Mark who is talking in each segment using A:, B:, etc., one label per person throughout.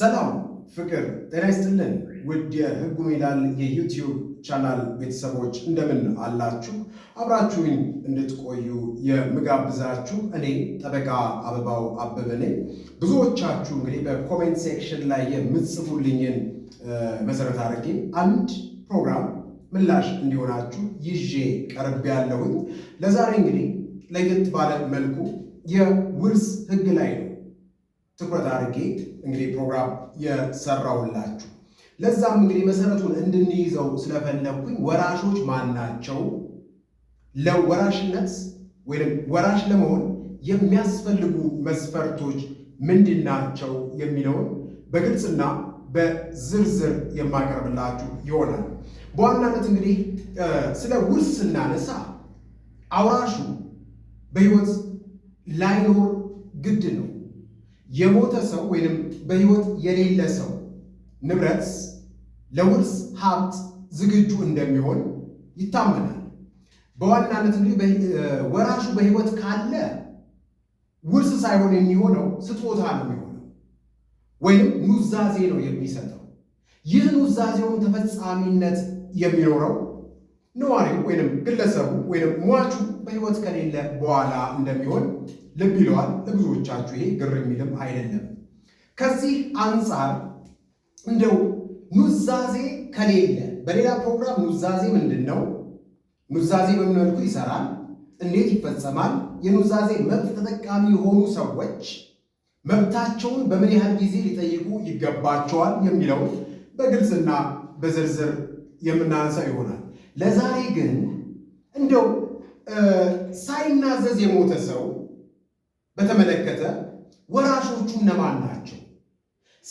A: ሰላም ፍቅር ጤና ይስጥልን ውድ የህጉ ሜዳል የዩቲዩብ ቻናል ቤተሰቦች እንደምን አላችሁ? አብራችሁን እንድትቆዩ የምጋብዛችሁ እኔ ጠበቃ አበባው አበበ ነኝ። ብዙዎቻችሁ እንግዲህ በኮሜንት ሴክሽን ላይ የምትጽፉልኝን መሰረት አድርጌ አንድ ፕሮግራም ምላሽ እንዲሆናችሁ ይዤ ቀርብ ያለሁኝ ለዛሬ እንግዲህ ለየት ባለ መልኩ የውርስ ህግ ላይ ነው ትኩረት አድርጌ እንግዲህ ፕሮግራም የሰራውላችሁ። ለዛም እንግዲህ መሰረቱን እንድንይዘው ስለፈለግኩኝ ወራሾች ማን ናቸው? ለወራሽነት ወይም ወራሽ ለመሆን የሚያስፈልጉ መስፈርቶች ምንድን ናቸው የሚለውን በግልጽና በዝርዝር የማቀርብላችሁ ይሆናል። በዋናነት እንግዲህ ስለ ውርስ ስናነሳ አውራሹ በሕይወት ላይኖር ግድ ነው። የሞተ ሰው ወይንም በሕይወት የሌለ ሰው ንብረት ለውርስ ሀብት ዝግጁ እንደሚሆን ይታመናል። በዋናነት ወራሹ በሕይወት ካለ ውርስ ሳይሆን የሚሆነው ስጦታ ነው የሚሆነው፣ ወይም ኑዛዜ ነው የሚሰጠው። ይህ ኑዛዜውን ተፈጻሚነት የሚኖረው ነዋሪው ወይም ግለሰቡ ወይም ሟቹ በሕይወት ከሌለ በኋላ እንደሚሆን ልብ ይለዋል። ለብዙዎቻችሁ ይሄ ግር የሚልም አይደለም። ከዚህ አንጻር እንደው ኑዛዜ ከሌለ በሌላ ፕሮግራም ኑዛዜ ምንድን ነው? ኑዛዜ በምን መልኩ ይሰራል? እንዴት ይፈጸማል? የኑዛዜ መብት ተጠቃሚ የሆኑ ሰዎች መብታቸውን በምን ያህል ጊዜ ሊጠይቁ ይገባቸዋል የሚለው በግልጽና በዝርዝር የምናነሳው ይሆናል። ለዛሬ ግን እንደው ሳይናዘዝ የሞተ ሰው በተመለከተ ወራሾቹ እነማን ናቸው?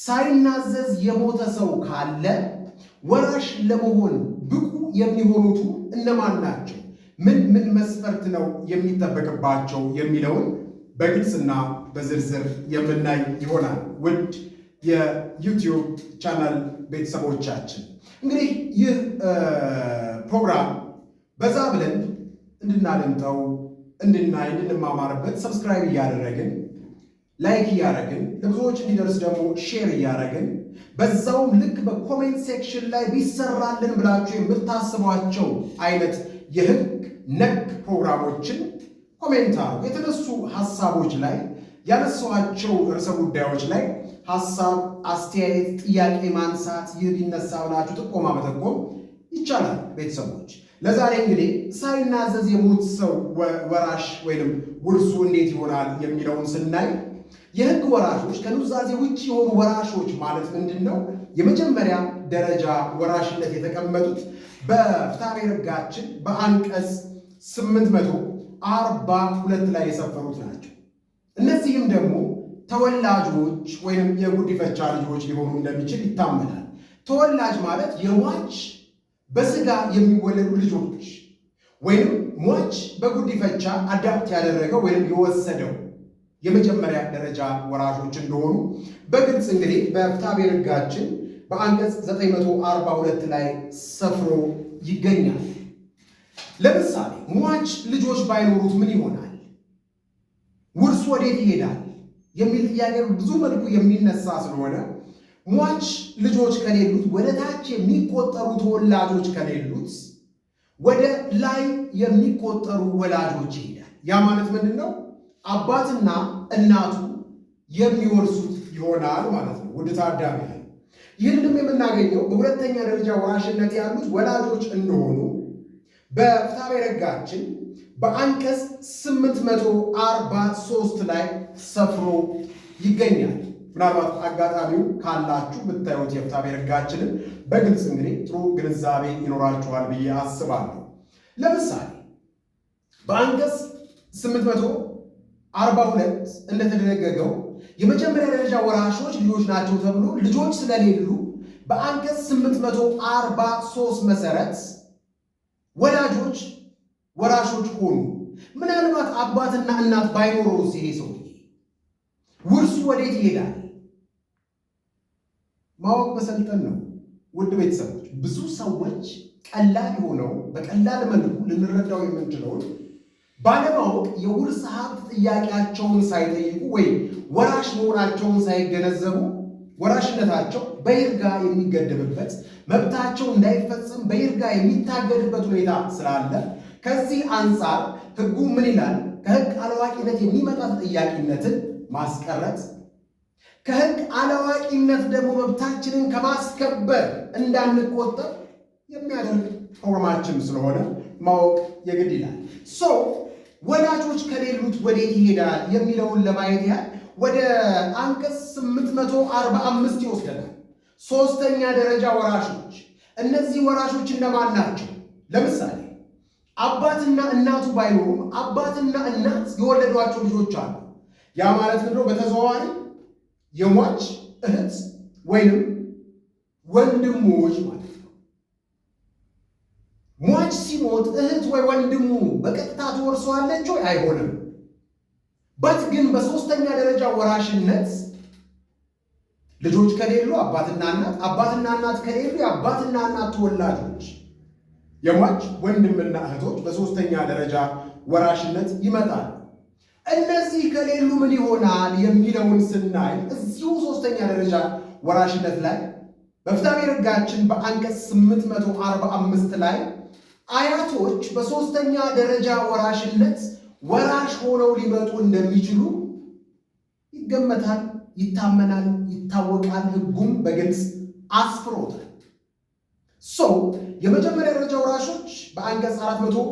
A: ሳይናዘዝ የሞተ ሰው ካለ ወራሽ ለመሆን ብቁ የሚሆኑቱ እነማን ናቸው? ምን ምን መስፈርት ነው የሚጠበቅባቸው የሚለውን በግልጽና በዝርዝር የምናይ ይሆናል። ውድ የዩቲዩብ ቻናል ቤተሰቦቻችን እንግዲህ ይህ ፕሮግራም በዛ ብለን እንድናደምጠው እንድናይ እንድንማማርበት ሰብስክራይብ እያደረግን ላይክ እያደረግን ለብዙዎች እንዲደርስ ደግሞ ሼር እያደረግን በዛውም ልክ በኮሜንት ሴክሽን ላይ ቢሰራልን ብላችሁ የምታስቧቸው አይነት የህግ ነክ ፕሮግራሞችን ኮሜንት አድርጉ። የተነሱ ሀሳቦች ላይ ያነሷቸው ርዕሰ ጉዳዮች ላይ ሀሳብ፣ አስተያየት፣ ጥያቄ ማንሳት ይህ ቢነሳ ብላችሁ ጥቆማ መጠቆም ይቻላል። ቤተሰቦች ለዛሬ እንግዲህ ሳይናዘዝ የሞት ሰው ወራሽ ወይንም ውርሱ እንዴት ይሆናል የሚለውን ስናይ የህግ ወራሾች ከኑዛዜ ውጭ የሆኑ ወራሾች ማለት ምንድን ነው? የመጀመሪያ ደረጃ ወራሽነት የተቀመጡት በፍትሐብሔር ህጋችን በአንቀጽ 842 ላይ የሰፈሩት ናቸው። እነዚህም ደግሞ ተወላጆች ወይም የጉዲፈቻ ልጆች ሊሆኑ እንደሚችል ይታመናል። ተወላጅ ማለት የሟች በስጋ የሚወለዱ ልጆች ወይም ሟች በጉዲፈቻ አዳፕት ያደረገው ወይም የወሰደው የመጀመሪያ ደረጃ ወራሾች እንደሆኑ በግልጽ እንግዲህ በፍትሐብሔር ሕጋችን በአንቀጽ 942 ላይ ሰፍሮ ይገኛል። ለምሳሌ ሟች ልጆች ባይኖሩት ምን ይሆናል? ውርስ ወዴት ይሄዳል? የሚል ጥያቄ ብዙ መልኩ የሚነሳ ስለሆነ ሟች ልጆች ከሌሉት፣ ወደ ታች የሚቆጠሩ ተወላጆች ከሌሉት፣ ወደ ላይ የሚቆጠሩ ወላጆች ይሄዳል። ያ ማለት ምንድን ነው? አባትና እናቱ የሚወርሱት ይሆናል ማለት ነው። ውድ ታዳሚ ይህንም የምናገኘው በሁለተኛ ደረጃ ወራሽነት ያሉት ወላጆች እንደሆኑ በፍትሐ ብሔራችን በአንቀጽ 843 ላይ ሰፍሮ ይገኛል። ምናልባት አጋጣሚው ካላችሁ ብታዩት የፍትሐ ብሔር ሕጋችንን በግልጽ እንግዲህ ጥሩ ግንዛቤ ይኖራችኋል ብዬ አስባለሁ። ለምሳሌ በአንቀጽ 800 አርባ ሁለት እንደተደነገገው የመጀመሪያ ደረጃ ወራሾች ልጆች ናቸው ተብሎ ልጆች ስለሌሉ በአንቀጽ 843 መሰረት ወላጆች ወራሾች ሆኑ። ምናልባት አባትና እናት ባይኖረው ይሄ ሰው ውርሱ ወዴት ይሄዳል? ማወቅ መሰልጠን ነው። ውድ ቤተሰቦች ብዙ ሰዎች ቀላል የሆነው በቀላል መልኩ ልንረዳው የምንችለውን ባለማወቅ የውርስ ሀብት ጥያቄያቸውን ሳይጠይቁ ወይም ወራሽ መሆናቸውን ሳይገነዘቡ ወራሽነታቸው በይርጋ የሚገደብበት መብታቸው እንዳይፈጽም በይርጋ የሚታገድበት ሁኔታ ስላለ ከዚህ አንጻር ህጉ ምን ይላል? ከህግ አላዋቂነት የሚመጣ ተጠያቂነትን ማስቀረት ከህግ አላዋቂነት ደግሞ መብታችንን ከማስከበር እንዳንቆጠር የሚያደርግ ፎርማችን ስለሆነ ማወቅ የግድ ይላል። ወላጆች ከሌሉት ወዴት ይሄዳል የሚለውን ለማየት ያህል ወደ አንቀጽ 845 ይወስደናል። ሶስተኛ ደረጃ ወራሾች። እነዚህ ወራሾች እነማን ናቸው? ለምሳሌ አባትና እናቱ ባይኖሩም አባትና እናት የወለዷቸው ልጆች አሉ። ያ ማለት ምድሮ በተዘዋዋሪ የሟች እህት ወይንም ወንድሞች ማለት ሟች ሲሞት እህት ወይ ወንድሙ በቀጥታ ትወርሰዋለች ወይ? አይሆንም። በት ግን በሶስተኛ ደረጃ ወራሽነት ልጆች ከሌሉ አባትና እናት፣ አባትና እናት ከሌሉ የአባትና እናት ተወላጆች የሟች ወንድምና እህቶች በሶስተኛ ደረጃ ወራሽነት ይመጣል። እነዚህ ከሌሉ ምን ይሆናል የሚለውን ስናይ እዚሁ ሶስተኛ ደረጃ ወራሽነት ላይ በፍትሐ ብሔር ሕጋችን በአንቀጽ 845 ላይ አያቶች በሶስተኛ ደረጃ ወራሽነት ወራሽ ሆነው ሊመጡ እንደሚችሉ ይገመታል፣ ይታመናል፣ ይታወቃል። ህጉም በግልጽ አስፍሮታል። ሶ የመጀመሪያ ደረጃ ወራሾች በአንቀጽ 400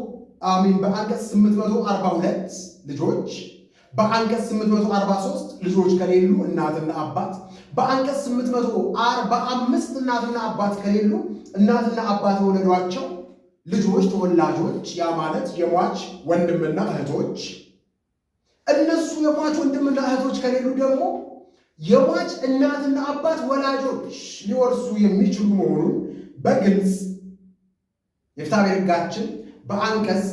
A: አሚን በአንቀጽ 842 ልጆች በአንቀጽ 843 ልጆች ከሌሉ እናትና አባት በአንቀጽ 845 እናትና አባት ከሌሉ እናትና አባት የወለዷቸው ልጆች ተወላጆች፣ ያ ማለት የሟች ወንድምና እህቶች። እነሱ የሟች ወንድምና እህቶች ከሌሉ ደግሞ የሟች እናትና አባት ወላጆች ሊወርሱ የሚችሉ መሆኑን በግልጽ የፍትሐብሔር ሕጋችን በአንቀጽ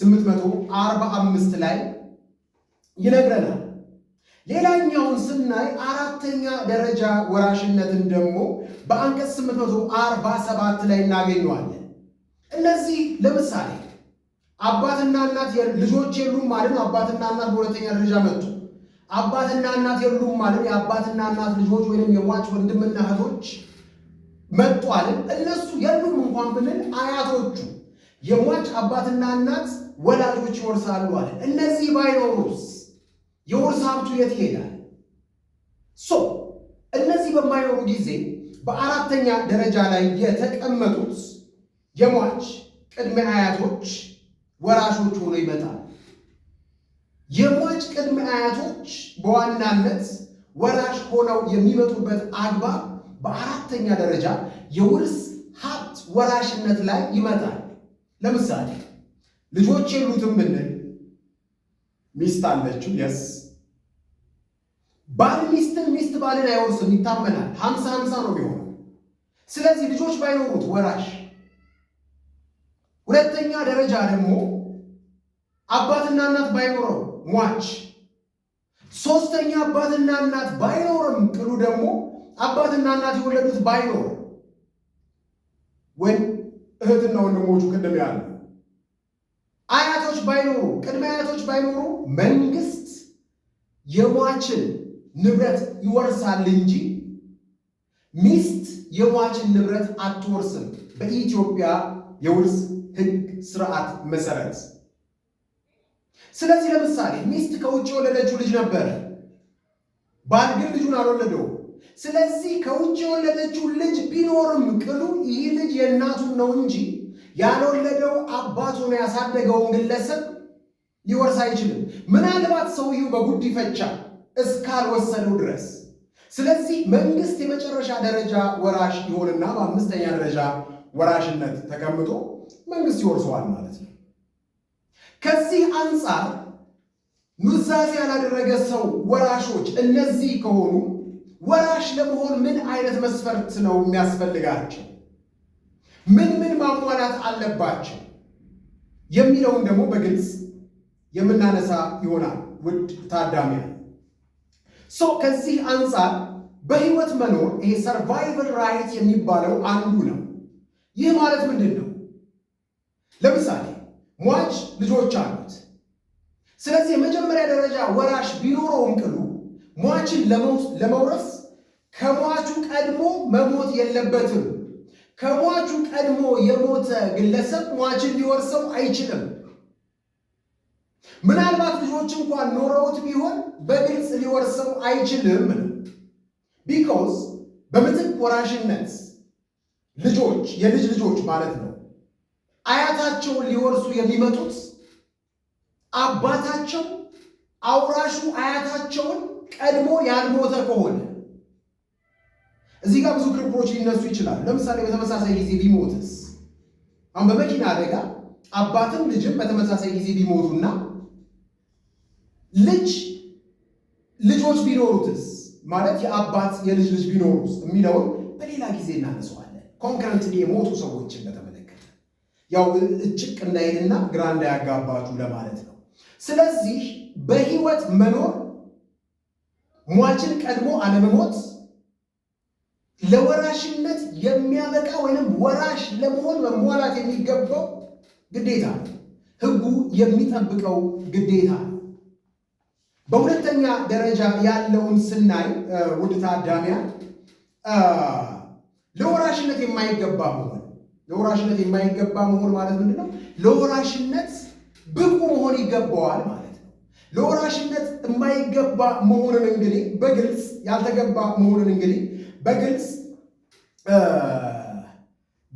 A: 845 ላይ ይነግረናል። ሌላኛውን ስናይ አራተኛ ደረጃ ወራሽነትን ደግሞ በአንቀጽ 847 ላይ እናገኘዋለን። እነዚህ ለምሳሌ አባትና እናት ልጆች የሉም ማለት አባትና እናት በሁለተኛ ደረጃ መጡ። አባትና እናት የሉም ማለት የአባትና እናት ልጆች ወይም የሟች ወንድምና እህቶች መጡ አለን። እነሱ የሉም እንኳን ብለን አያቶቹ የሟች አባትና እናት ወላጆች ይወርሳሉ አለን። እነዚህ ባይኖሩስ የውርስ ሀብቱ የት ይሄዳል? ሶ እነዚህ በማይኖሩ ጊዜ በአራተኛ ደረጃ ላይ የተቀመጡት የሟች ቅድመ አያቶች ወራሾች ሆኖ ይመጣል። የሟች ቅድመ አያቶች በዋናነት ወራሽ ሆነው የሚመጡበት አግባብ በአራተኛ ደረጃ የውርስ ሀብት ወራሽነት ላይ ይመጣል። ለምሳሌ ልጆች የሉትም ብንል ሚስት አለችው። የስ ባል ሚስትን፣ ሚስት ባልን አይወርስም፣ ይታመናል። ሀምሳ ሀምሳ ነው የሚሆነው። ስለዚህ ልጆች ባይኖሩት ወራሽ ሁለተኛ ደረጃ ደግሞ አባትና እናት ባይኖረው ሟች፣ ሶስተኛ አባትና እናት ባይኖርም ቅሉ ደግሞ አባትና እናት የወለዱት ባይኖር ወይም እህትና ወንድሞቹ ቅድም ያሉ አያቶች ባይኖሩ ቅድመ አያቶች ባይኖሩ መንግስት የሟችን ንብረት ይወርሳል እንጂ ሚስት የሟችን ንብረት አትወርስም። በኢትዮጵያ የውርስ ስርዓት መሰረት። ስለዚህ ለምሳሌ ሚስት ከውጭ የወለደችው ልጅ ነበር፣ ባል ግን ልጁን አልወለደው። ስለዚህ ከውጭ የወለደችው ልጅ ቢኖርም ቅሉ ይህ ልጅ የእናቱን ነው እንጂ ያልወለደው አባት ሆኖ ያሳደገውን ግለሰብ ሊወርስ አይችልም፣ ምናልባት ሰውየው በጉዲፈቻ እስካልወሰነው ድረስ። ስለዚህ መንግስት የመጨረሻ ደረጃ ወራሽ ይሆንና በአምስተኛ ደረጃ ወራሽነት ተቀምጦ መንግስት ይወርሰዋል ማለት ነው። ከዚህ አንጻር ኑዛዜ ያላደረገ ሰው ወራሾች እነዚህ ከሆኑ ወራሽ ለመሆን ምን አይነት መስፈርት ነው የሚያስፈልጋቸው? ምን ምን ማሟላት አለባቸው? የሚለውን ደግሞ በግልጽ የምናነሳ ይሆናል። ውድ ታዳሚ ሶ ከዚህ አንጻር በህይወት መኖር ይሄ ሰርቫይቨል ራይት የሚባለው አንዱ ነው። ይህ ማለት ምንድን ነው? ለምሳሌ ሟች ልጆች አሉት። ስለዚህ የመጀመሪያ ደረጃ ወራሽ ቢኖረውም ቅሉ ሟችን ለመውረስ ከሟቹ ቀድሞ መሞት የለበትም። ከሟቹ ቀድሞ የሞተ ግለሰብ ሟችን ሊወርሰው አይችልም። ምናልባት ልጆች እንኳን ኖረውት ቢሆን በግልጽ ሊወርሰው አይችልም። ቢኮዝ በምትክ ወራሽነት ልጆች የልጅ ልጆች ማለት ነው አያታቸውን ሊወርሱ የሚመጡት አባታቸው አውራሹ አያታቸውን ቀድሞ ያልሞተ ከሆነ እዚህ ጋር ብዙ ክርክሮች ሊነሱ ይችላሉ። ለምሳሌ በተመሳሳይ ጊዜ ቢሞትስ? አሁን በመኪና አደጋ አባትም ልጅም በተመሳሳይ ጊዜ ቢሞቱና ልጅ ልጆች ቢኖሩትስ ማለት የአባት የልጅ ልጅ ቢኖሩት የሚለውን በሌላ ጊዜ እናነሰዋለን። ኮንክረንት የሞቱ ሰዎችን በተመ ያው እጭቅ እንዳይልና ግራ እንዳያጋባችሁ ለማለት ነው። ስለዚህ በህይወት መኖር ሟችን ቀድሞ አለመሞት ለወራሽነት የሚያበቃ ወይም ወራሽ ለመሆን መሟላት የሚገባው ግዴታ ነው። ህጉ የሚጠብቀው ግዴታ ነው። በሁለተኛ ደረጃ ያለውን ስናይ ውድ ታዳሚያን ለወራሽነት የማይገባ መሆን ለወራሽነት የማይገባ መሆን ማለት ምንድን ነው? ለወራሽነት ብቁ መሆን ይገባዋል ማለት ነው። ለወራሽነት የማይገባ መሆንን እንግዲህ በግልጽ ያልተገባ መሆንን እንግዲህ በግልጽ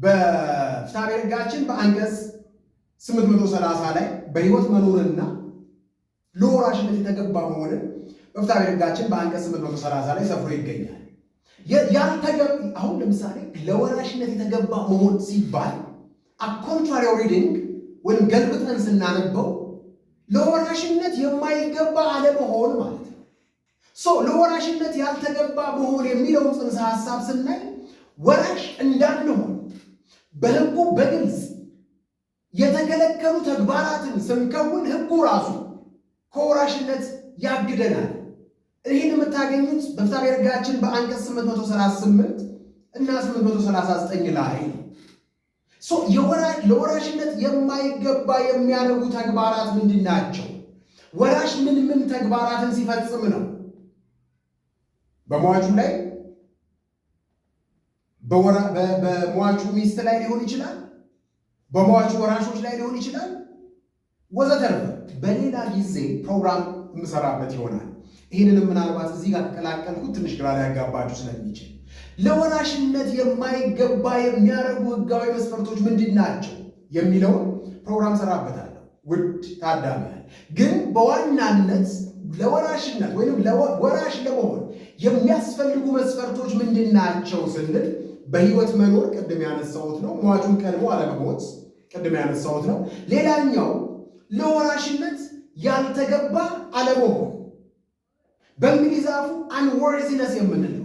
A: በፍትሐ በአንቀስ ሕጋችን በአንቀጽ 830 ላይ በሕይወት መኖርና ለወራሽነት የተገባ መሆንን በፍትሐ በአንቀስ ሕጋችን በአንቀጽ 830 ላይ ሰፍሮ ይገኛል። አሁን ለምሳሌ ለወራሽነት የተገባ መሆን ሲባል አኮንትራሪው ሪዲንግ ወይም ገልብጠን ስናነበው ለወራሽነት የማይገባ አለመሆን ማለት ነው። ለወራሽነት ያልተገባ መሆን የሚለውን ጽንሰ ሀሳብ ስናይ ወራሽ እንዳንሆን በህጉ በግልጽ የተከለከሉ ተግባራትን ስንከውን ህጉ ራሱ ከወራሽነት ያግደናል። ይህን የምታገኙት በፍትሐ ብሔር ሕጋችን በአንቀጽ 838 እና 839 ላይ ለወራሽነት የማይገባ የሚያደርጉ ተግባራት ምንድን ናቸው? ወራሽ ምን ምን ተግባራትን ሲፈጽም ነው? በሟቹ ላይ በሟቹ ሚስት ላይ ሊሆን ይችላል፣ በሟቹ ወራሾች ላይ ሊሆን ይችላል፣ ወዘተርፈ። በሌላ ጊዜ ፕሮግራም የምሰራበት ይሆናል። ይህንንም ምናልባት እዚህ ጋር ተቀላቀልኩት ትንሽ ግራ ሊያጋባችሁ ስለሚችል ለወራሽነት የማይገባ የሚያደርጉ ህጋዊ መስፈርቶች ምንድን ናቸው የሚለውን ፕሮግራም ሰራበታለሁ። ውድ ታዳሚያን ግን በዋናነት ለወራሽነት ወይም ወራሽ ለመሆን የሚያስፈልጉ መስፈርቶች ምንድን ናቸው ስንል በህይወት መኖር ቅድም ያነሳሁት ነው። ሟቹን ቀድሞ አለመሞት ቅድም ያነሳሁት ነው። ሌላኛው ለወራሽነት ያልተገባ አለመሆን በእንግሊዝ አፉ አንወርዚነስ የምንለው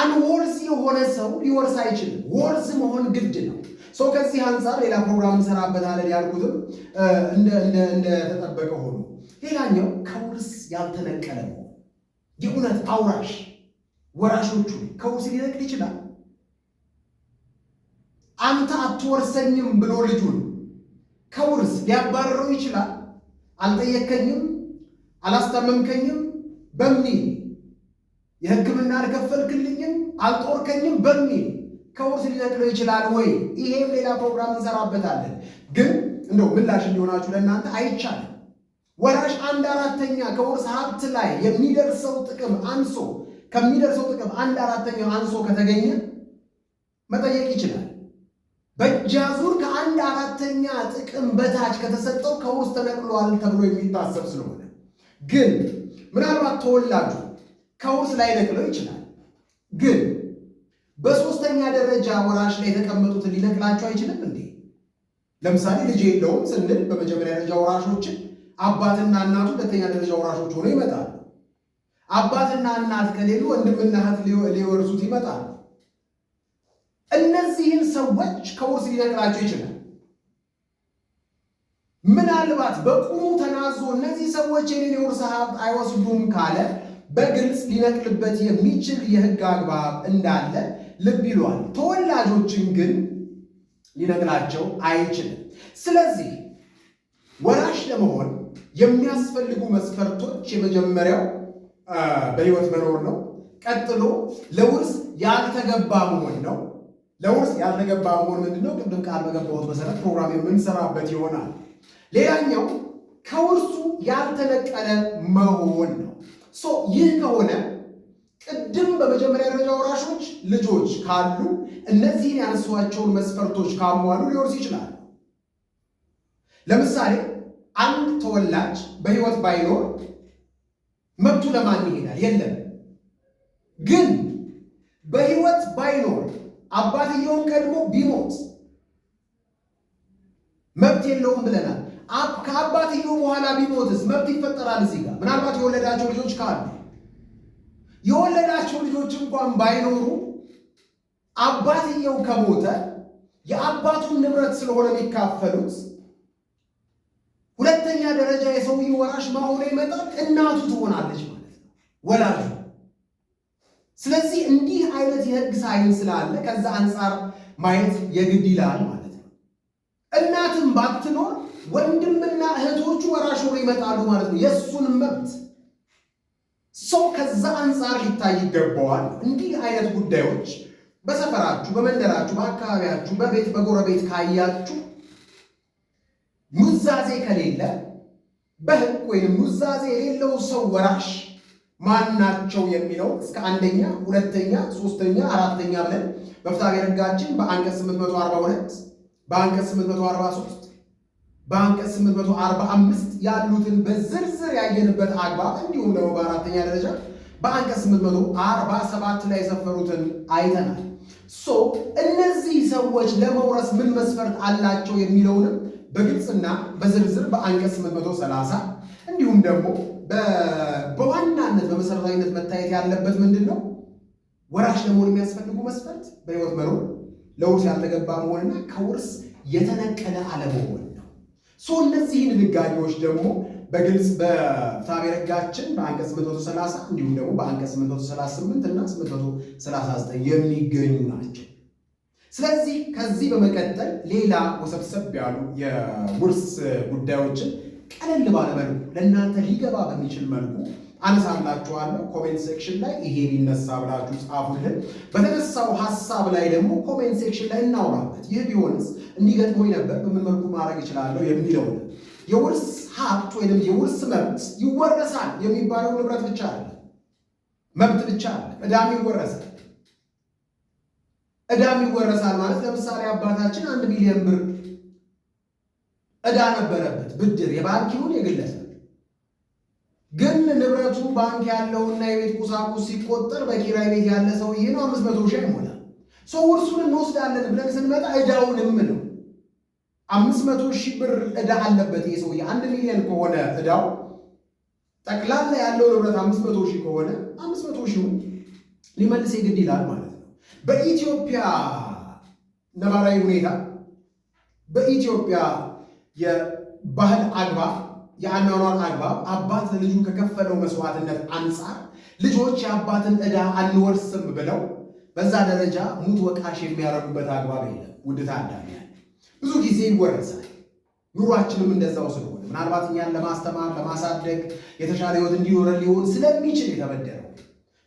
A: አንወርዝ የሆነ ሰው ሊወርስ አይችልም። ወርዝ መሆን ግድ ነው። ሰው ከዚህ አንጻር ሌላ ፕሮግራም እንሰራበታለን ያልኩትም እንደተጠበቀ ሆኖ ሌላኛው ከውርስ ያልተነቀለ ነው። የእውነት አውራሽ ወራሾቹ ከውርስ ሊነቅል ይችላል። አንተ አትወርሰኝም ብሎ ልጁን ከውርስ ሊያባረረው ይችላል። አልጠየከኝም፣ አላስታመምከኝም በሚል የሕክምና አልከፈልክልኝም አልጦርከኝም በሚል ከውርስ ሊነጥሎ ይችላል ወይ? ይሄም ሌላ ፕሮግራም እንሰራበታለን። ግን እንደው ምላሽ እንዲሆናችሁ ለእናንተ አይቻልም። ወራሽ አንድ አራተኛ ከውርስ ሀብት ላይ የሚደርሰው ጥቅም አንሶ ከሚደርሰው ጥቅም አንድ አራተኛው አንሶ ከተገኘ መጠየቅ ይችላል። በጃዙር ከአንድ አራተኛ ጥቅም በታች ከተሰጠው ከውርስ ተነቅሏል ተብሎ የሚታሰብ ስለሆነ ግን ምናልባት ተወላጁ ከውርስ ላይ ለቅለው ይችላል። ግን በሶስተኛ ደረጃ ወራሽ ላይ የተቀመጡትን ሊነቅላቸው አይችልም እንዴ? ለምሳሌ ልጅ የለውም ስንል በመጀመሪያ ደረጃ ወራሾችን አባትና እናቱ ሁለተኛ ደረጃ ወራሾች ሆነው ይመጣሉ። አባትና እናት ከሌሉ ወንድምና እህት ሊወርሱት ይመጣሉ። እነዚህን ሰዎች ከውርስ ሊነቅላቸው ይችላል። ምናልባት በቁሙ ተናዞ እነዚህ ሰዎች የኔን የውርስ ሀብት አይወስዱም ካለ በግልጽ ሊነቅልበት የሚችል የህግ አግባብ እንዳለ ልብ ይሏል። ተወላጆችን ግን ሊነቅላቸው አይችልም። ስለዚህ ወራሽ ለመሆን የሚያስፈልጉ መስፈርቶች የመጀመሪያው በህይወት መኖር ነው። ቀጥሎ ለውርስ ያልተገባ መሆን ነው። ለውርስ ያልተገባ መሆን ምንድነው? ቅድም ቃል በገባሁት መሰረት ፕሮግራም የምንሰራበት ይሆናል። ሌላኛው ከውርሱ ያልተነቀለ መሆን ነው። ሶ ይህ ከሆነ ቅድም በመጀመሪያ ደረጃ ወራሾች ልጆች ካሉ እነዚህን ያነሷቸውን መስፈርቶች ካሟሉ ሊወርስ ይችላል። ለምሳሌ አንድ ተወላጅ በህይወት ባይኖር መብቱ ለማን ይሄዳል? የለም። ግን በህይወት ባይኖር አባትየውን ቀድሞ ቢሞት መብት የለውም ብለናል። ከአባትየው በኋላ ቢሞትስ መብት ይፈጠራል። እዚህ ጋር ምናልባት የወለዳቸው ልጆች ካሉ የወለዳቸው ልጆች እንኳን ባይኖሩ አባትየው ከሞተ የአባቱን ንብረት ስለሆነ የሚካፈሉት ሁለተኛ ደረጃ የሰውዬው ወራሽ ማሆነ ይመጣል፣ እናቱ ትሆናለች ማለት ነው ወላጁ። ስለዚህ እንዲህ አይነት የህግ ሳይን ስላለ ከዛ አንጻር ማየት የግድ ይላል ማለት ነው። እናትም ባትኖር ወንድምና እህቶቹ ወራሽ ሆኖ ይመጣሉ ማለት ነው። የእሱንም መብት ሰው ከዛ አንጻር ሊታይ ይገባዋል። እንዲህ አይነት ጉዳዮች በሰፈራችሁ፣ በመንደራችሁ፣ በአካባቢያችሁ፣ በቤት በጎረቤት ካያችሁ ኑዛዜ ከሌለ በህግ ወይም ኑዛዜ የሌለው ሰው ወራሽ ማን ናቸው የሚለው እስከ አንደኛ፣ ሁለተኛ፣ ሶስተኛ፣ አራተኛ ብለን በፍትሐ ብሔር በአንቀጽ 842 በአንቀጽ 843 በአንቀጽ 845 ያሉትን በዝርዝር ያየንበት አግባብ እንዲሁም ደግሞ በአራተኛ ደረጃ በአንቀጽ 847 ላይ የሰፈሩትን አይተናል። ሶ እነዚህ ሰዎች ለመውረስ ምን መስፈርት አላቸው የሚለውንም በግልጽና በዝርዝር በአንቀጽ 830 እንዲሁም ደግሞ በዋናነት በመሰረታዊነት መታየት ያለበት ምንድን ነው? ወራሽ ለመሆን የሚያስፈልጉ መስፈርት በህይወት መኖር ለውርስ ያልተገባ መሆንና ከውርስ የተነቀለ አለመሆን ነው። ሰው እነዚህን ድንጋጌዎች ደግሞ በግልጽ በፍትሐብሔር ሕጋችን በአንቀጽ 830 እንዲሁም ደግሞ በአንቀጽ 838 እና 839 የሚገኙ ናቸው። ስለዚህ ከዚህ በመቀጠል ሌላ ወሰብሰብ ያሉ የውርስ ጉዳዮችን ቀለል ባለ መልኩ ለእናንተ ሊገባ በሚችል መልኩ አነሳላችኋለሁ። ኮሜንት ሴክሽን ላይ ይሄ ሊነሳ ብላችሁ ጻፉልን። በተነሳው ሀሳብ ላይ ደግሞ ኮሜንት ሴክሽን ላይ እናውራበት። ይህ ቢሆንስ እንዲገጥሞኝ ነበር በምን መልኩ ማድረግ እችላለሁ የሚለውን የውርስ ሀብት ወይም የውርስ መብት ይወረሳል የሚባለው ንብረት ብቻ አለ መብት ብቻ አለ። ዕዳም ይወረሳል። ዕዳም ይወረሳል ማለት ለምሳሌ አባታችን አንድ ሚሊዮን ብር እዳ ነበረበት ብድር የባንክ ይሁን የግለሰብ ግን ንብረቱ ባንክ ያለውና የቤት ቁሳቁስ ሲቆጠር በኪራይ ቤት ያለ ሰውዬ ነው አምስት መቶ ሺህ አይሞላል። ሰው እርሱን እንወስዳለን ብለን ስንመጣ እዳውን ነው አምስት መቶ ሺህ ብር እዳ አለበት ይህ ሰውዬ። አንድ ሚሊዮን ከሆነ እዳው ጠቅላላ ያለው ንብረት አምስት መቶ ሺህ ከሆነ አምስት መቶ ሺውን ሊመልስ የግድ ይላል ማለት ነው። በኢትዮጵያ ነባራዊ ሁኔታ በኢትዮጵያ የባህል አግባብ የአኗኗር አግባብ አባት ለልጁ ከከፈለው መስዋዕትነት አንጻር ልጆች የአባትን ዕዳ አንወርስም ብለው በዛ ደረጃ ሙት ወቃሽ የሚያደርጉበት አግባብ የለም። ውድታ ታዳሚ ብዙ ጊዜ ይወረሳል። ኑሯችንም እንደዛው ስለሆነ ምናልባት እኛን ለማስተማር ለማሳደግ፣ የተሻለ ህይወት እንዲኖረ ሊሆን ስለሚችል የተበደረው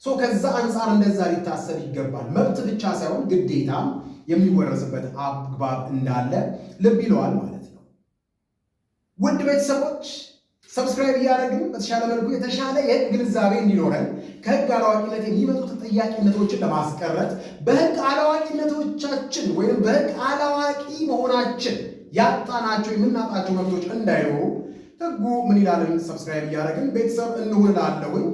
A: ሰው ከዛ አንጻር እንደዛ ሊታሰብ ይገባል። መብት ብቻ ሳይሆን ግዴታም የሚወረስበት አግባብ እንዳለ ልብ ይለዋል ማለት ውድ ቤተሰቦች ሰብስክራይብ እያደረግን በተሻለ መልኩ የተሻለ የህግ ግንዛቤ እንዲኖረን ከህግ አላዋቂነት የሚመጡ ተጠያቂነቶችን ለማስቀረት በህግ አላዋቂነቶቻችን ወይም በህግ አላዋቂ መሆናችን ያጣናቸው የምናጣቸው መብቶች እንዳይኖሩ ህጉ ምን ይላልን ሰብስክራይብ እያደረግን ቤተሰብ እንውላለሁኝ።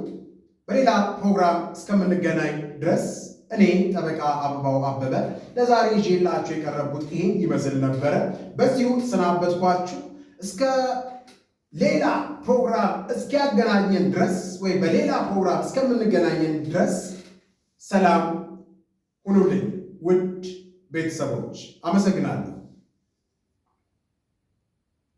A: በሌላ ፕሮግራም እስከምንገናኝ ድረስ እኔ ጠበቃ አበባው አበበ ለዛሬ ይዤላችሁ የቀረብኩት ይህን ይመስል ነበረ። በዚሁ ሰናበትኳችሁ። እስከ ሌላ ፕሮግራም እስኪያገናኘን ድረስ ወይ በሌላ ፕሮግራም እስከምንገናኘን ድረስ ሰላም ሁኑልኝ ውድ ቤተሰቦች፣ አመሰግናለሁ።